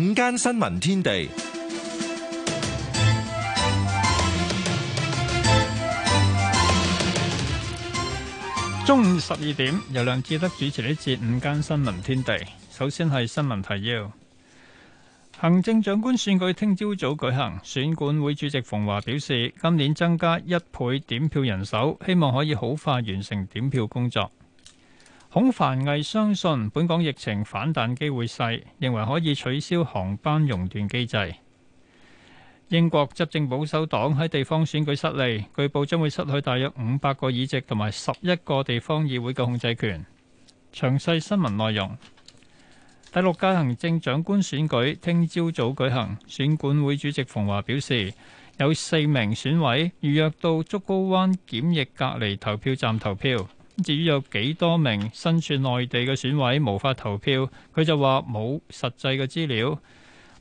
午間新聞天地，中午十二點由梁志德主持呢節午間新聞天地。首先係新聞提要，行政長官選舉聽朝早舉行，選管會主席馮華表示，今年增加一倍點票人手，希望可以好快完成點票工作。孔繁毅相信本港疫情反彈機會細，認為可以取消航班熔斷機制。英國執政保守黨喺地方選舉失利，據報將會失去大約五百個議席同埋十一個地方議會嘅控制權。詳細新聞內容，第六屆行政長官選舉聽朝早舉行，選管會主席馮驊表示有四名選委預約到竹篙灣檢疫隔離投票站投票。至於有幾多名身處內地嘅選委無法投票，佢就話冇實際嘅資料。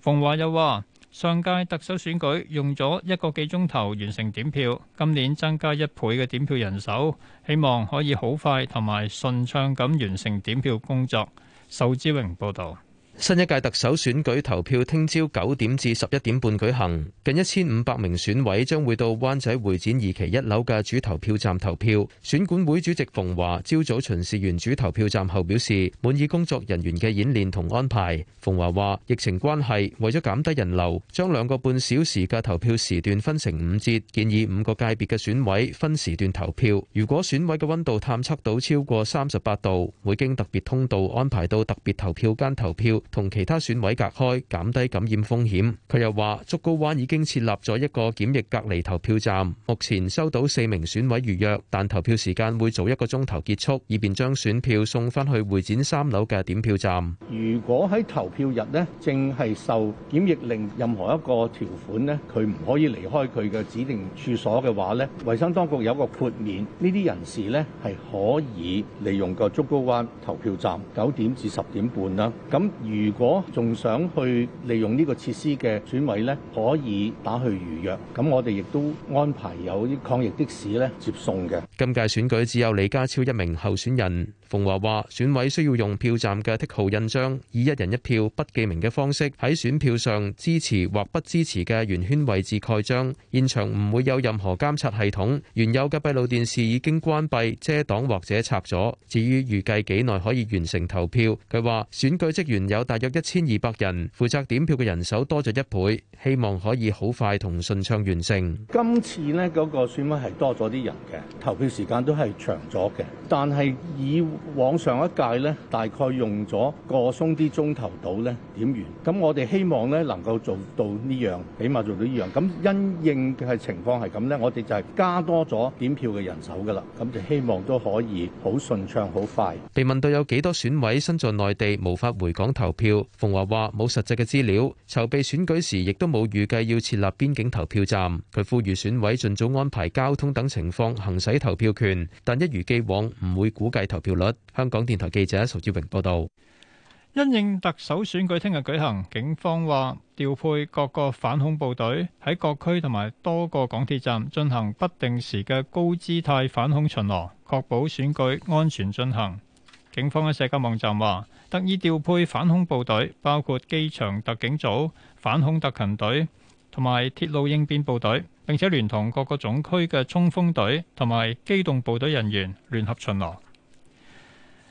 馮華又話：上屆特首選舉用咗一個幾鐘頭完成點票，今年增加一倍嘅點票人手，希望可以好快同埋順暢咁完成點票工作。仇志榮報導。新一屆特首選舉投票聽朝九點至十一點半舉行，近一千五百名選委將會到灣仔會展二期一樓嘅主投票站投票。選管會主席馮華朝早巡視完主投票站後表示，滿意工作人員嘅演練同安排。馮華話，疫情關係為咗減低人流，將兩個半小時嘅投票時段分成五節，建議五個界別嘅選委分時段投票。如果選委嘅温度探測到超過三十八度，會經特別通道安排到特別投票間投票。同其他選委隔開，減低感染風險。佢又話：竹篙灣已經設立咗一個檢疫隔離投票站，目前收到四名選委預約，但投票時間會早一個鐘頭結束，以便將選票送翻去會展三樓嘅點票站。如果喺投票日呢，淨係受檢疫令任何一個條款呢，佢唔可以離開佢嘅指定處所嘅話呢，衞生當局有個豁免，呢啲人士呢，係可以利用個竹篙灣投票站九點至十點半啦。咁如果仲想去利用呢個設施嘅轉位咧，可以打去預約，咁我哋亦都安排有啲抗疫的士咧接送嘅。今屆選舉只有李家超一名候選人。馮華話：選委需要用票站嘅剔號印章，以一人一票、不記名嘅方式喺選票上支持或不支持嘅圓圈位置蓋章。現場唔會有任何監察系統，原有嘅閉路電視已經關閉、遮擋或者拆咗。至於預計幾耐可以完成投票，佢話選舉職員有大約一千二百人，負責點票嘅人手多咗一倍，希望可以好快同順暢完成。今次呢嗰個選委係多咗啲人嘅投票。時間都係長咗嘅，但係以往上一屆咧，大概用咗個鬆啲鐘頭到咧點完。咁我哋希望咧能夠做到呢樣，起碼做到呢樣。咁因應嘅係情況係咁咧，我哋就係加多咗點票嘅人手噶啦。咁就希望都可以好順暢、好快。被問到有幾多選委身在內地無法回港投票，馮華話冇實際嘅資料，籌備選舉時亦都冇預計要設立邊境投票站。佢呼籲選委盡早安排交通等情況，行使投票權，但一如既往唔會估計投票率。香港電台記者曹志榮報道。因應特首選舉聽日舉行，警方話調配各個反恐部隊喺各區同埋多個港鐵站進行不定時嘅高姿態反恐巡邏，確保選舉安全進行。警方喺社交網站話，特意調配反恐部隊，包括機場特警組、反恐特勤隊同埋鐵路應變部隊。並且聯同各個總區嘅衝鋒隊同埋機動部隊人員聯合巡邏。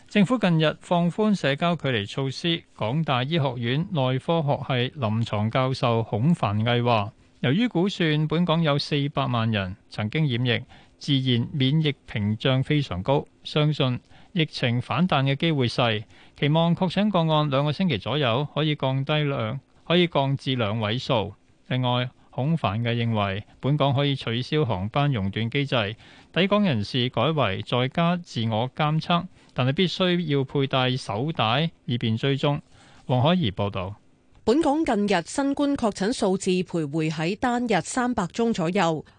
政府近日放寬社交距離措施，港大醫學院內科學系臨床教授孔凡毅話，由於估算本港有四百萬人曾經染疫，自然免疫屏障非常高，相信疫情反彈嘅機會細，期望確診個案兩個星期左右可以降低兩，可以降至兩位數。另外。孔繁毅認為，本港可以取消航班熔斷機制，抵港人士改為在家自我監測，但係必須要佩戴手帶以便追蹤。黃海怡報導，本港近日新冠確診數字徘徊喺單日三百宗左右。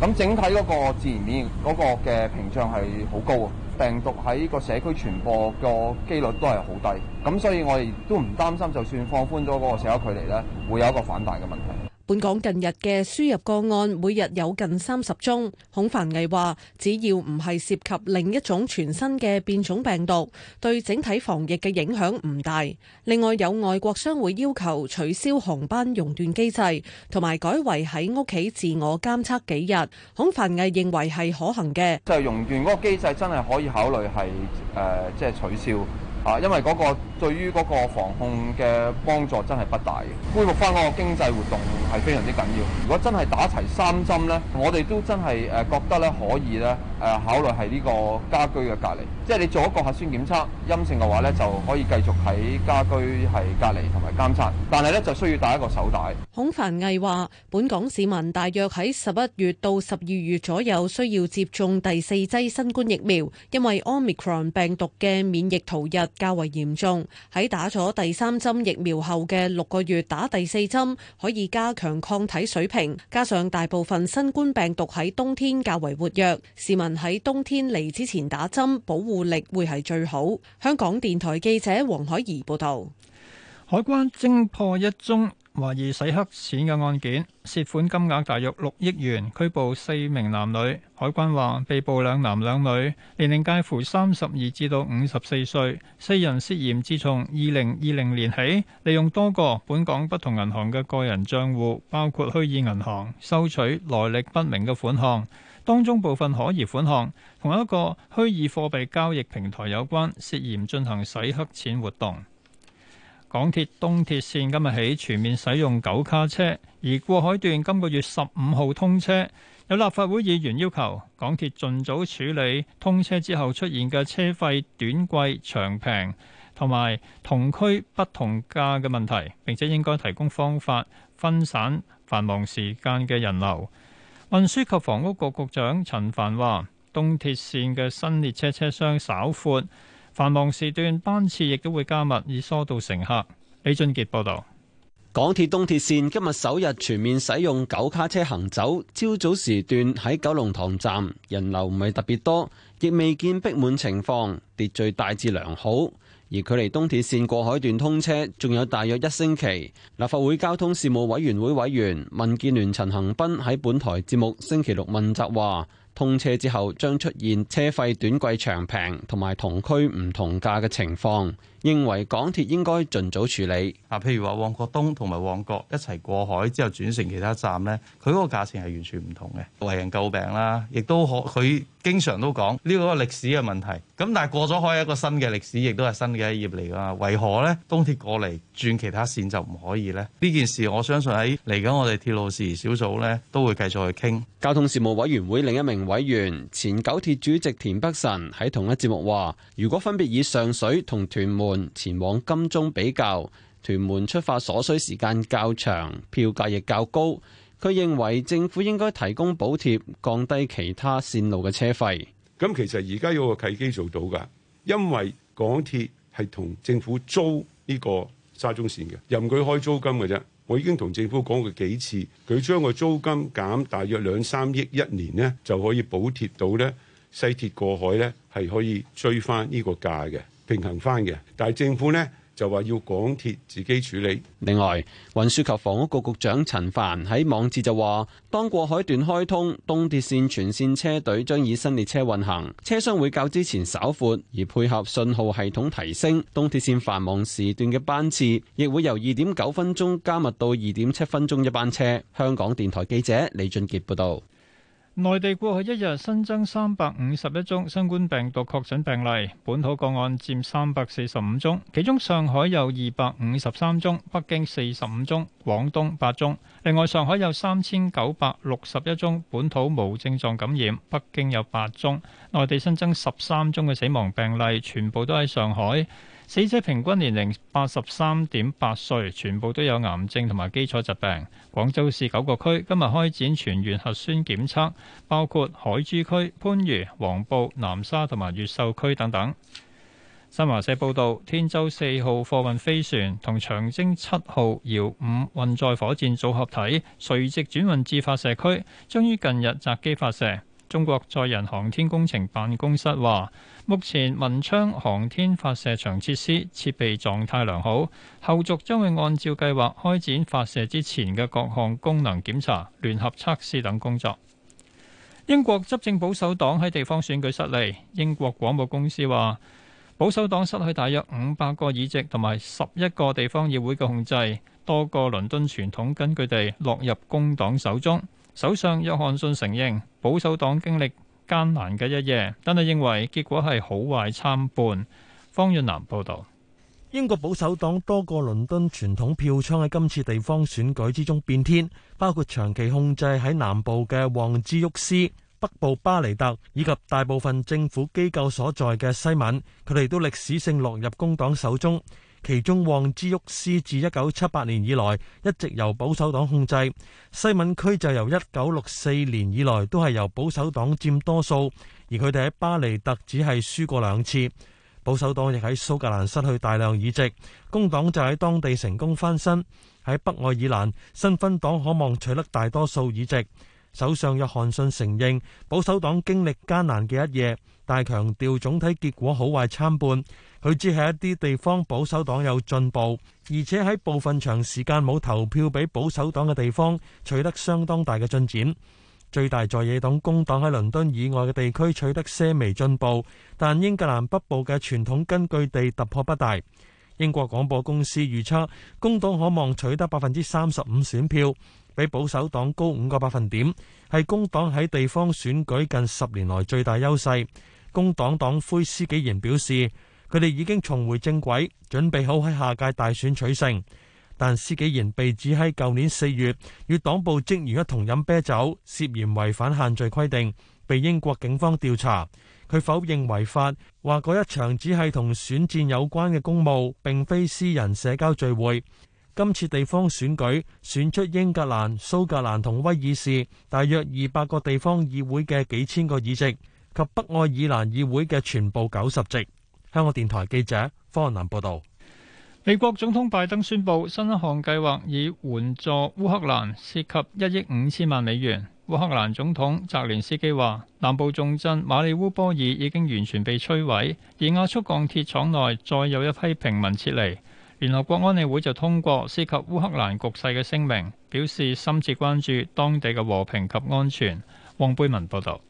咁整體嗰個自然免疫嗰個嘅屏障係好高啊，病毒喺個社區傳播個機率都係好低，咁所以我哋都唔擔心，就算放寬咗嗰個社交距離咧，會有一個反彈嘅問題。本港近日嘅輸入個案每日有近三十宗，孔繁毅話只要唔係涉及另一種全新嘅變種病毒，對整體防疫嘅影響唔大。另外有外國商會要求取消航班熔斷機制，同埋改為喺屋企自我監測幾日，孔繁毅認為係可行嘅。就係熔斷嗰個機制真係可以考慮係誒，即係，呃，就係取消。啊，因為嗰個對於嗰個防控嘅幫助真係不大嘅，恢復返嗰個經濟活動係非常之緊要。如果真係打齊三針呢，我哋都真係誒覺得咧可以咧誒考慮係呢個家居嘅隔離。即係你做一個核酸檢測陰性嘅話呢，就可以繼續喺家居喺隔離同埋監察。但係呢，就需要打一個手帶。孔凡毅話：本港市民大約喺十一月到十二月左右需要接種第四劑新冠疫苗，因為 Omicron 病毒嘅免疫逃逸較為嚴重。喺打咗第三針疫苗後嘅六個月打第四針，可以加強抗體水平，加上大部分新冠病毒喺冬天較為活躍，市民喺冬天嚟之前打針保護。活力會係最好。香港電台記者黃海怡報道：海關偵破一宗懷疑洗黑錢嘅案件，涉款金額大約六億元，拘捕四名男女。海關話，被捕兩男兩女，年齡介乎三十二至到五十四歲，四人涉嫌自從二零二零年起，利用多個本港不同銀行嘅個人賬戶，包括虛擬銀行，收取來歷不明嘅款項。當中部分可疑款項同一個虛擬貨幣交易平台有關，涉嫌進行洗黑錢活動。港鐵東鐵線今日起全面使用九卡車，而過海段今個月十五號通車。有立法會議員要求港鐵盡早處理通車之後出現嘅車費短貴長平，同埋同區不同價嘅問題，並且應該提供方法分散繁忙時間嘅人流。運輸及房屋局局長陳帆話，東鐵綫嘅新列車車廂稍闊，繁忙時段班次亦都會加密，以疏導乘客。李俊杰報道，港鐵東鐵綫今日首日全面使用九卡車行走，朝早時段喺九龍塘站人流唔係特別多，亦未見逼滿情況，秩序大致良好。而距離東鐵線過海段通車仲有大約一星期，立法會交通事務委員會委員民建聯陳恒斌喺本台節目星期六問責話：通車之後將出現車費短貴長平同埋同區唔同價嘅情況。認為港鐵應該盡早處理啊，譬如話旺角東同埋旺角一齊過海之後轉乘其他站呢，佢嗰個價錢係完全唔同嘅，為人詬病啦，亦都可佢經常都講呢個歷史嘅問題。咁但係過咗海一個新嘅歷史，亦都係新嘅一頁嚟噶。為何呢？東鐵過嚟轉其他綫就唔可以呢？呢件事我相信喺嚟緊我哋鐵路事宜小組咧都會繼續去傾。交通事務委員會另一名委員前九鐵主席田北辰喺同一節目話：如果分別以上水同屯門前往金鐘比較，屯門出發所需時間較長，票價亦較高。佢認為政府應該提供補貼，降低其他線路嘅車費。咁其實而家有個契機做到噶，因為港鐵係同政府租呢個沙中線嘅，任佢開租金嘅啫。我已經同政府講過幾次，佢將個租金減大約兩三億一年呢，就可以補貼到呢。西鐵過海呢，係可以追翻呢個價嘅。平衡翻嘅，但係政府呢就話，要港鐵自己處理。另外，運輸及房屋局局長陳帆喺網誌就話，當過海段開通，東鐵綫全綫車隊將以新列車運行，車廂會較之前稍闊，而配合信號系統提升，東鐵綫繁忙時段嘅班次亦會由二點九分鐘加密到二點七分鐘一班車，香港電台記者李俊杰報道。內地過去一日新增三百五十一宗新冠病毒確診病例，本土個案占三百四十五宗，其中上海有二百五十三宗，北京四十五宗，廣東八宗。另外，上海有三千九百六十一宗本土無症狀感染，北京有八宗。內地新增十三宗嘅死亡病例，全部都喺上海。死者平均年齡八十三點八歲，全部都有癌症同埋基礎疾病。廣州市九個區今日開展全員核酸檢測，包括海珠區、番禺、黃埔、南沙同埋越秀區等等。新華社報道，天舟四號貨運飛船同長征七號遙五運載火箭組合體垂直轉運至發射區，將於近日擇機發射。中國載人航天工程辦公室話，目前文昌航天發射場設施設備狀態良好，後續將會按照計劃開展發射之前嘅各項功能檢查、聯合測試等工作。英國執政保守黨喺地方選舉失利，英國廣播公司話，保守黨失去大約五百個議席同埋十一個地方議會嘅控制，多個倫敦傳統根據地落入工黨手中。首相約翰遜承認保守黨經歷艱難嘅一夜，但係認為結果係好壞參半。方遠南報道，英國保守黨多個倫敦傳統票倉喺今次地方選舉之中變天，包括長期控制喺南部嘅旺茲沃斯、北部巴尼特以及大部分政府機構所在嘅西敏，佢哋都歷史性落入工黨手中。其中，旺之沃斯自一九七八年以來一直由保守黨控制；西敏區就由一九六四年以來都係由保守黨佔多數，而佢哋喺巴尼特只係輸過兩次。保守黨亦喺蘇格蘭失去大量議席，工黨就喺當地成功翻身。喺北愛爾蘭，新芬黨可望取得大多數議席。首相約翰遜承認保守黨經歷艱難嘅一夜。大強調總體結果好壞參半，佢只係一啲地方保守黨有進步，而且喺部分長時間冇投票俾保守黨嘅地方取得相當大嘅進展。最大在野黨工黨喺倫敦以外嘅地區取得些微進步，但英格蘭北部嘅傳統根據地突破不大。英國廣播公司預測工黨可望取得百分之三十五選票，比保守黨高五個百分點，係工黨喺地方選舉近十年來最大優勢。工黨黨魁司紀賢表示，佢哋已經重回正軌，準備好喺下屆大選取勝。但司紀賢被指喺舊年四月與黨部職員一同飲啤酒，涉嫌違反限聚規定，被英國警方調查。佢否認違法，話嗰一場只係同選戰有關嘅公務，並非私人社交聚會。今次地方選舉選出英格蘭、蘇格蘭同威爾士大約二百個地方議會嘅幾千個議席。及北愛爾蘭議會嘅全部九十席。香港電台記者方雲南報道。美國總統拜登宣布新一項計劃，以援助烏克蘭，涉及一億五千萬美元。烏克蘭總統澤連斯基話：南部重鎮馬里烏波爾已經完全被摧毀，而亞速鋼鐵廠內再有一批平民撤離。聯合國安理會就通過涉及烏克蘭局勢嘅聲明，表示深切關注當地嘅和平及安全。黃貝文報道。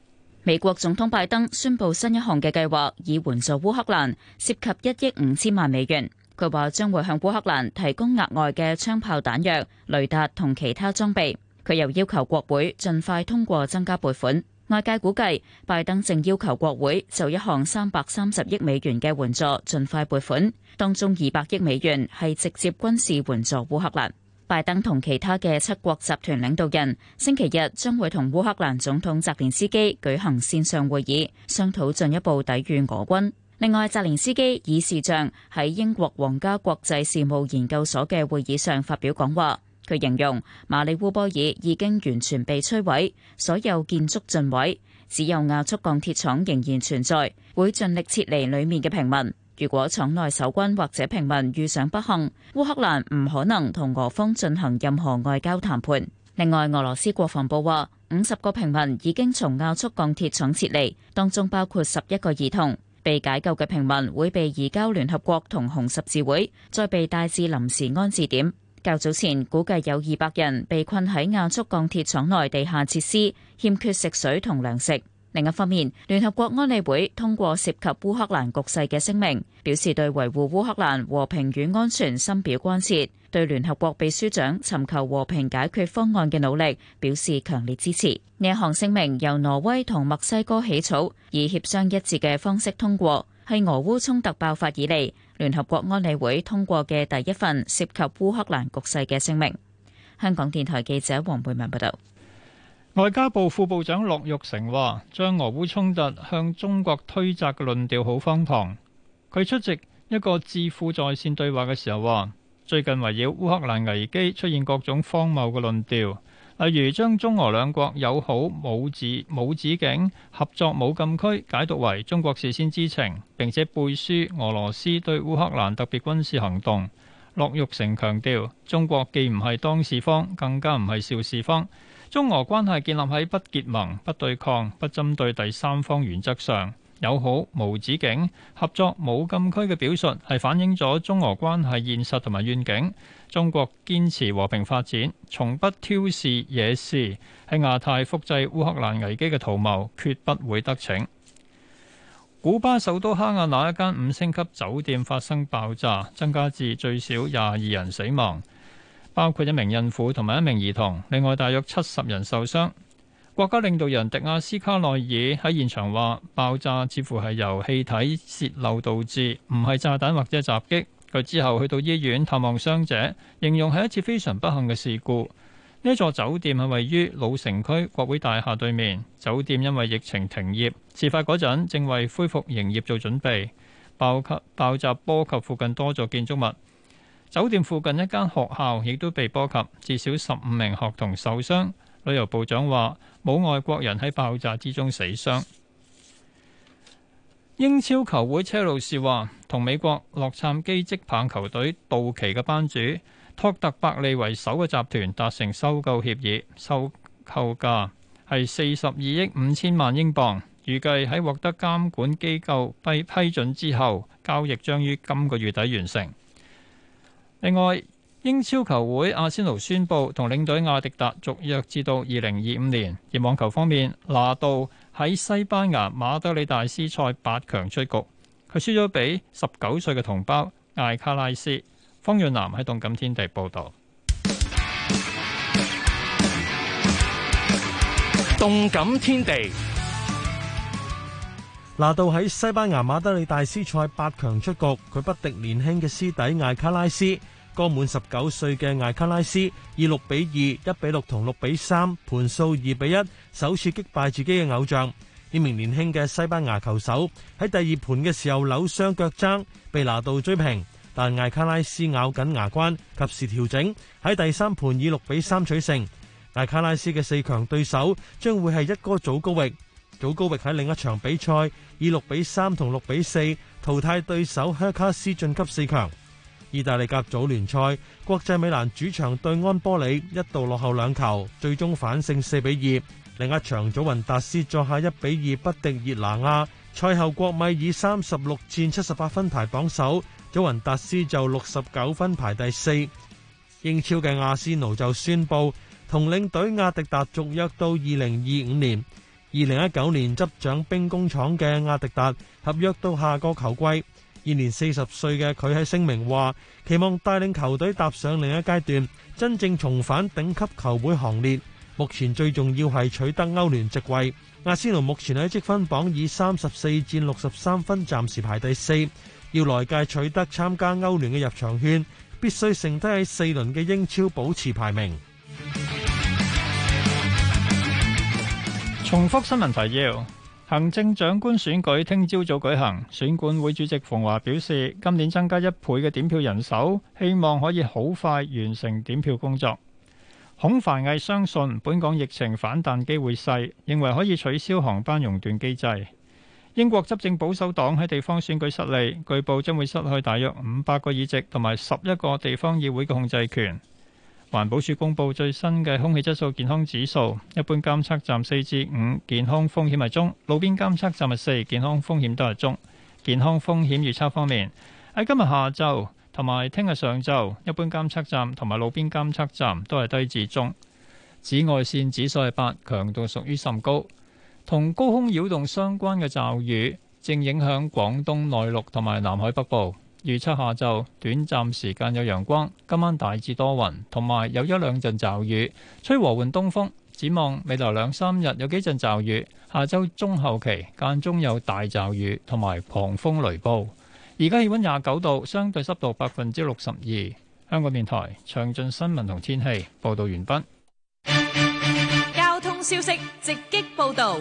美國總統拜登宣佈新一項嘅計劃，以援助烏克蘭，涉及一億五千萬美元。佢話將會向烏克蘭提供額外嘅槍炮彈藥、雷達同其他裝備。佢又要求國會盡快通過增加撥款。外界估計，拜登正要求國會就一項三百三十億美元嘅援助盡快撥款，當中二百億美元係直接軍事援助烏克蘭。拜登同其他嘅七國集團領導人星期日將會同烏克蘭總統澤連斯基舉行線上會議，商討進一步抵禦俄軍。另外，澤連斯基以視像喺英國皇家國際事務研究所嘅會議上發表講話。佢形容馬里烏波爾已經完全被摧毀，所有建築盡毀，只有亞速鋼鐵廠仍然存在，會盡力撤離裏面嘅平民。如果廠內守軍或者平民遇上不幸，烏克蘭唔可能同俄方進行任何外交談判。另外，俄羅斯國防部話，五十個平民已經從亞速鋼鐵廠撤離，當中包括十一個兒童。被解救嘅平民會被移交聯合國同紅十字會，再被帶至臨時安置點。較早前，估計有二百人被困喺亞速鋼鐵廠內地下設施，欠缺食水同糧食。另一方面，聯合國安理會通過涉及烏克蘭局勢嘅聲明，表示對維護烏克蘭和平與安全深表關切，對聯合國秘書長尋求和平解決方案嘅努力表示強烈支持。呢一項聲明由挪威同墨西哥起草，以協商一致嘅方式通過，係俄烏衝突爆發以嚟聯合國安理會通過嘅第一份涉及烏克蘭局勢嘅聲明。香港電台記者黃貝文報道。外交部副部長樂玉成話，將俄烏衝突向中國推責嘅論調好荒唐。佢出席一個智庫在線對話嘅時候話，最近圍繞烏克蘭危機出現各種荒謬嘅論調，例如將中俄兩國友好冇止冇止境、合作冇禁區解讀為中國事先知情並且背書俄羅，羅斯對烏克蘭特別軍事行動。樂玉成強調，中國既唔係當事方，更加唔係肇事方。中俄關係建立喺不結盟、不對抗、不針對第三方原則上，友好無止境，合作冇禁區嘅表述，係反映咗中俄關係現實同埋願景。中國堅持和平發展，從不挑事惹事，喺亞太複製烏克蘭危機嘅圖謀決不會得逞。古巴首都哈瓦那一間五星級酒店發生爆炸，增加至最少廿二人死亡。包括一名孕婦同埋一名兒童，另外大約七十人受傷。國家領導人迪亞斯卡內爾喺現場話：爆炸似乎係由氣體洩漏導致，唔係炸彈或者襲擊。佢之後去到醫院探望傷者，形容係一次非常不幸嘅事故。呢座酒店係位於老城區國會大廈對面，酒店因為疫情停業，事發嗰陣正為恢復營業做準備。爆爆炸波及附近多座建築物。酒店附近一間學校亦都被波及，至少十五名學童受傷，旅遊部長話冇外國人喺爆炸之中死傷。英超球會車路士話同美國洛杉磯職棒球隊道奇嘅班主托特伯利為首嘅集團達成收購協議，收購價係四十二億五千萬英鎊，預計喺獲得監管機構批批准之後，交易將於今個月底完成。另外，英超球會阿仙奴宣布同領隊阿迪達續約至到二零二五年。而網球方面，拿杜喺西班牙馬德里大師賽八強出局，佢輸咗俾十九歲嘅同胞艾卡拉斯。方潤南喺動感天地報道。動感天地。報導動感天地拿度喺西班牙馬德里大師賽八強出局，佢不敵年輕嘅師弟艾卡拉斯。剛滿十九歲嘅艾卡拉斯以六比二、一比六同六比三盤數二比一首次擊敗自己嘅偶像。呢名年輕嘅西班牙球手喺第二盤嘅時候扭傷腳踭，被拿度追平，但艾卡拉斯咬緊牙關，及時調整，喺第三盤以六比三取勝。艾卡拉斯嘅四強對手將會係一哥祖高域。祖高域喺另一場比賽以六比三同六比四淘汰對手赫卡斯晉級四強。意大利甲組聯賽，國際米蘭主場對安波里一度落後兩球，最終反勝四比二。另一場，祖雲達斯作下一比二不敵熱拿亞。賽後，國米以三十六戰七十八分排榜首，祖雲達斯就六十九分排第四。英超嘅阿仙奴就宣布同領隊阿迪達續約到二零二五年。二零一九年執掌兵工廠嘅阿迪達合約到下個球季。現年四十歲嘅佢喺聲明話，期望帶領球隊踏上另一階段，真正重返頂級球會行列。目前最重要係取得歐聯席位。阿仙奴目前喺積分榜以三十四戰六十三分暫時排第四，要來屆取得參加歐聯嘅入場券，必須剩低喺四輪嘅英超保持排名。重複新聞提要：行政長官選舉聽朝早舉行，選管會主席馮華表示，今年增加一倍嘅點票人手，希望可以好快完成點票工作。孔繁毅相信本港疫情反彈機會細，認為可以取消航班熔斷機制。英國執政保守黨喺地方選舉失利，據報將會失去大約五百個議席同埋十一個地方議會嘅控制權。環保署公布最新嘅空氣質素健康指數，一般監測站四至五，健康風險係中；路邊監測站係四，健康風險都係中。健康風險預測方面，喺今日下晝同埋聽日上晝，一般監測站同埋路邊監測站都係低至中。紫外線指數係八，強度屬於甚高。同高空擾動相關嘅驟雨正影響廣東內陸同埋南海北部。預測下晝短暫時間有陽光，今晚大致多雲，同埋有，有一兩陣驟雨，吹和緩東風。展望未來兩三日有幾陣驟雨，下周中後期間中有大驟雨同埋狂風雷暴。而家氣溫廿九度，相對濕度百分之六十二。香港電台詳盡新聞同天氣報道完畢。交通消息直擊報道。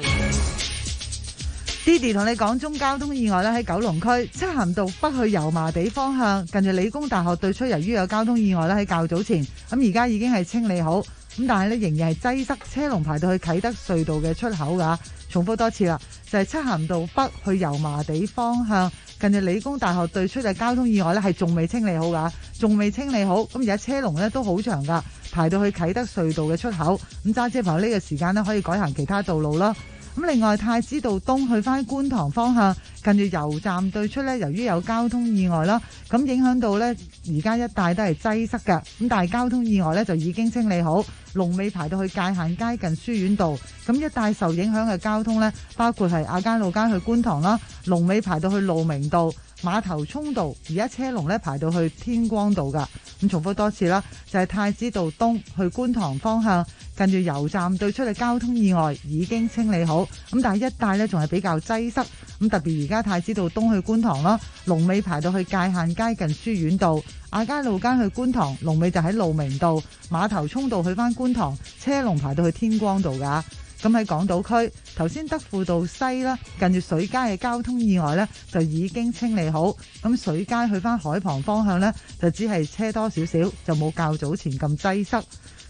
Didi 同你講，中交通意外咧喺九龍區漆咸道北去油麻地方向，近住理工大學對出，由於有交通意外咧喺較早前，咁而家已經係清理好，咁但係咧仍然係擠塞車龍排到去啟德隧道嘅出口噶。重複多次啦，就係、是、漆咸道北去油麻地方向，近住理工大學對出嘅交通意外咧係仲未清理好噶，仲未清理好，咁而家車龍咧都好長噶，排到去啟德隧道嘅出口。咁揸車朋友呢個時間咧可以改行其他道路啦。咁另外，太子道東去翻觀塘方向，近住油站對出呢，由於有交通意外啦，咁影響到呢，而家一帶都係擠塞嘅。咁但係交通意外呢，就已經清理好，龍尾排到去界限街近書院道。咁一帶受影響嘅交通呢，包括係亞皆老街去觀塘啦，龍尾排到去露明道。碼頭涌道而家車龍咧排到去天光道噶，咁重複多次啦，就係、是、太、太子道東去觀塘方向，跟住油站對出嘅交通意外已經清理好，咁但係一帶咧仲係比較擠塞，咁特別而家太子道東去觀塘啦，龍尾排到去界限街近書院道，亞皆老街去觀塘龍尾就喺露明道碼頭涌道去返觀塘，車龍排到去天光道噶。咁喺港島區，頭先德輔道西啦，近住水街嘅交通意外咧，就已經清理好。咁水街去翻海旁方向咧，就只係車多少少，就冇較早前咁擠塞。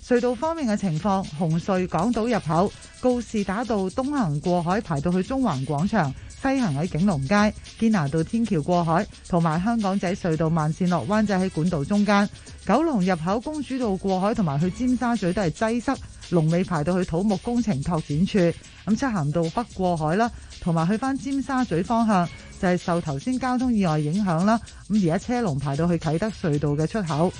隧道方面嘅情況，紅隧港島入口、告士打道東行過海排到去中環廣場。西行喺景隆街、堅拿道天橋過海，同埋香港仔隧道慢綫落灣仔喺管道中間；九龍入口公主道過海同埋去尖沙咀都係擠塞，龍尾排到去土木工程拓展處。咁出行到北過海啦，同埋去翻尖沙咀方向就係、是、受頭先交通意外影響啦。咁而家車龍排到去啟德隧道嘅出口。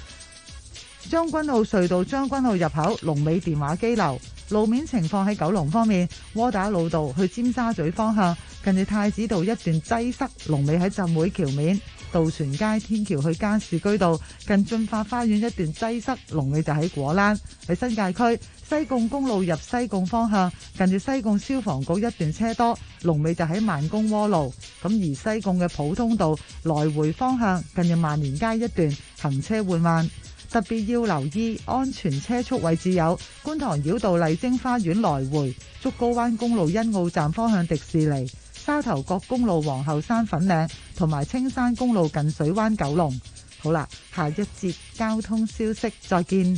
將軍澳隧道將軍澳入口龍尾電話機樓。路面情況喺九龍方面，窩打老道去尖沙咀方向近住太子道一段擠塞，龍尾喺浸會橋面；渡船街天橋去加士居道近駿發花園一段擠塞，龍尾就喺果欄。喺新界區西貢公路入西貢方向近住西貢消防局一段車多，龍尾就喺萬公窩路。咁而西貢嘅普通道來回方向近住萬年街一段行車緩慢。特別要留意安全車速位置有觀塘繞道麗晶花園來回，竹篙灣公路欣澳站方向迪士尼、沙頭角公路皇后山粉嶺同埋青山公路近水灣九龍。好啦，下一節交通消息，再見。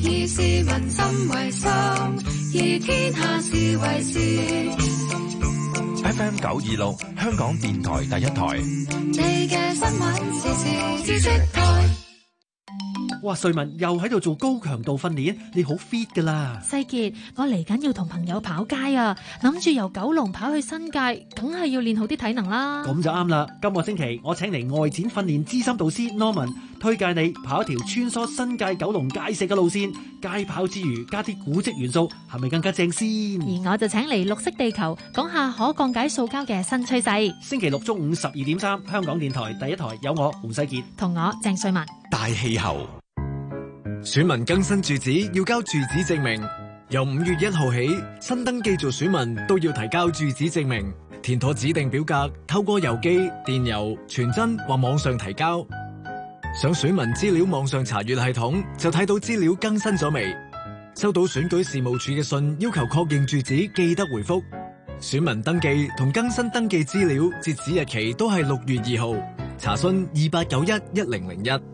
以市民心為心，以天下事為事。FM 九二六，香港電台第一台。你嘅新聞時時哇！瑞文又喺度做高強度訓練，你好 fit 噶啦！世傑，我嚟緊要同朋友跑街啊，諗住由九龍跑去新界，梗係要練好啲體能啦。咁就啱啦！今個星期我請嚟外展訓練資深導師 Norman，推介你跑一條穿梭新界九龍街石嘅路線，街跑之餘加啲古蹟元素，係咪更加正先？而我就請嚟綠色地球講下可降解塑膠嘅新趨勢。星期六中午十二點三，香港電台第一台有我洪世傑同我鄭瑞文大氣候。選民更新住址要交住址證明。由五月一號起，新登記做選民都要提交住址證明，填妥指定表格，透過郵寄、電郵、傳真或網上提交。想選民資料網上查閱系統就睇到資料更新咗未？收到選舉事務處嘅信要求確認住址，記得回覆選民登記同更新登記資料截止日期都係六月二號。查詢二八九一一零零一。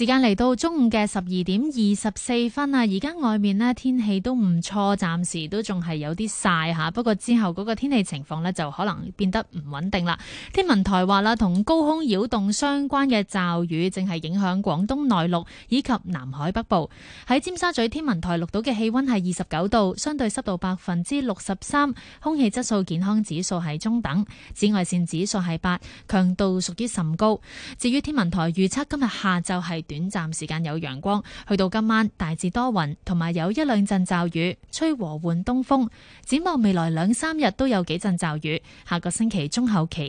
時間嚟到中午嘅十二點二十四分啦，而家外面呢，天氣都唔錯，暫時都仲係有啲曬吓，不過之後嗰個天氣情況呢，就可能變得唔穩定啦。天文台話啦，同高空擾動相關嘅驟雨正係影響廣東內陸以及南海北部。喺尖沙咀天文台錄到嘅氣溫係二十九度，相對濕度百分之六十三，空氣質素健康指數係中等，紫外線指數係八，強度屬於甚高。至於天文台預測今日下晝係。短暫時間有陽光，去到今晚大致多雲，同埋有一兩陣驟雨，吹和緩東風。展望未來兩三日都有幾陣驟雨，下個星期中後期。